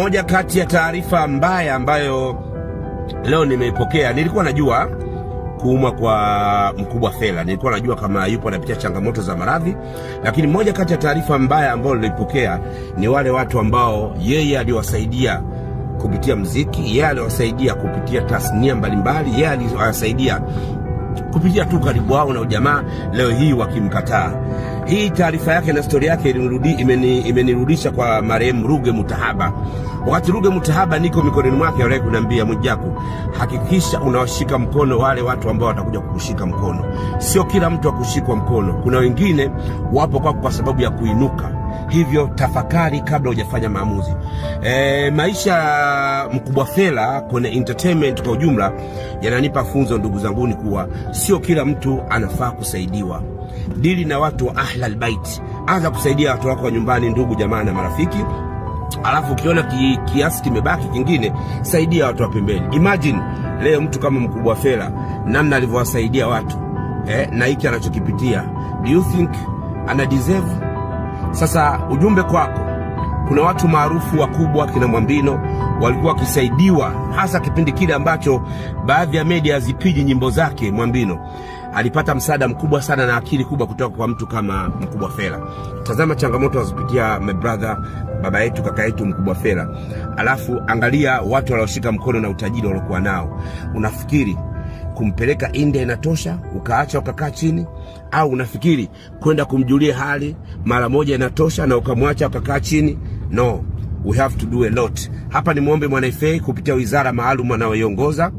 Moja kati ya taarifa mbaya ambayo leo nimeipokea, nilikuwa najua kuumwa kwa mkubwa Fela, nilikuwa najua kama yupo anapitia changamoto za maradhi, lakini moja kati ya taarifa mbaya ambayo nilipokea ni wale watu ambao yeye aliwasaidia kupitia mziki, yeye aliwasaidia kupitia tasnia mbalimbali, yeye aliwasaidia kupitia tu karibu wao na ujamaa, leo hii wakimkataa hii taarifa yake na historia yake imenirudisha kwa marehemu Ruge Mutahaba. Wakati Ruge Mutahaba niko mikononi mwake, aliwahi kuniambia Mwijaku, hakikisha unawashika mkono wale watu ambao watakuja kukushika mkono. Sio kila mtu akushikwa mkono, kuna wengine wapo kwako kwa sababu ya kuinuka hivyo tafakari kabla hujafanya maamuzi. E, maisha Mkubwa Fela kwenye entertainment kwa ujumla yananipa funzo ndugu zanguni, kuwa sio kila mtu anafaa kusaidiwa. Dili na watu wa ahlal bait, anza kusaidia watu wako wa nyumbani, ndugu jamaa na marafiki alafu ukiona ki, kiasi kimebaki kingine, saidia watu wa pembeni. Imagine leo mtu kama Mkubwa Fela namna alivyowasaidia watu eh, na hiki anachokipitia, do you think ana deserve sasa ujumbe kwako, kuna watu maarufu wakubwa kina Mwambino walikuwa wakisaidiwa, hasa kipindi kile ambacho baadhi ya media hazipiji nyimbo zake. Mwambino alipata msaada mkubwa sana na akili kubwa kutoka kwa mtu kama Mkubwa Fela. Tazama changamoto wazipitia my brother, baba yetu, kaka yetu Mkubwa Fela, alafu angalia watu walioshika mkono na utajiri waliokuwa nao. Unafikiri kumpeleka India inatosha, ukaacha ukakaa chini? Au unafikiri kwenda kumjulia hali mara moja inatosha na ukamwacha ukakaa chini? No, we have to do a lot. Hapa ni mwombe Mwanaifea kupitia wizara maalum anayoiongoza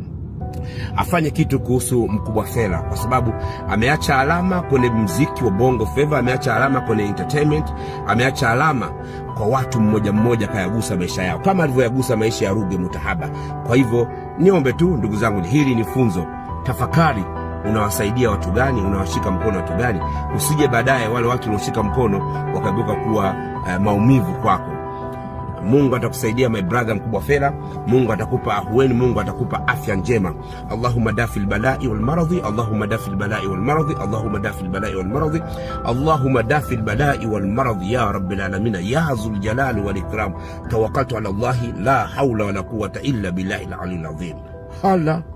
afanye kitu kuhusu Mkubwa Fela kwa sababu ameacha alama kwenye mziki wa bongo flava, ameacha alama kwenye entertainment, ameacha alama kwa watu mmoja mmoja, kayagusa maisha yao kama alivyoyagusa maisha ya Ruge Mutahaba. Kwa hivyo niombe tu ndugu zangu, hili ni funzo tafakari unawasaidia watu gani, unawashika mkono watu gani, usije baadaye wale watu ulioshika mkono wakageuka kuwa uh, maumivu kwako. Mungu atakusaidia my brother mkubwa fedha. Mungu atakupa ahueni, Mungu atakupa afya njema. Allahumma dafi lbalai walmaradhi, Allahumma dafi lbalai walmaradhi, Allahumma dafi lbalai walmaradhi, Allahumma dafi lbalai walmaradhi ya rabbil alamin ya zuljalali walikram. Tawakkaltu ala Allahi la haula wala quwata illa billahi lalii lazim. hala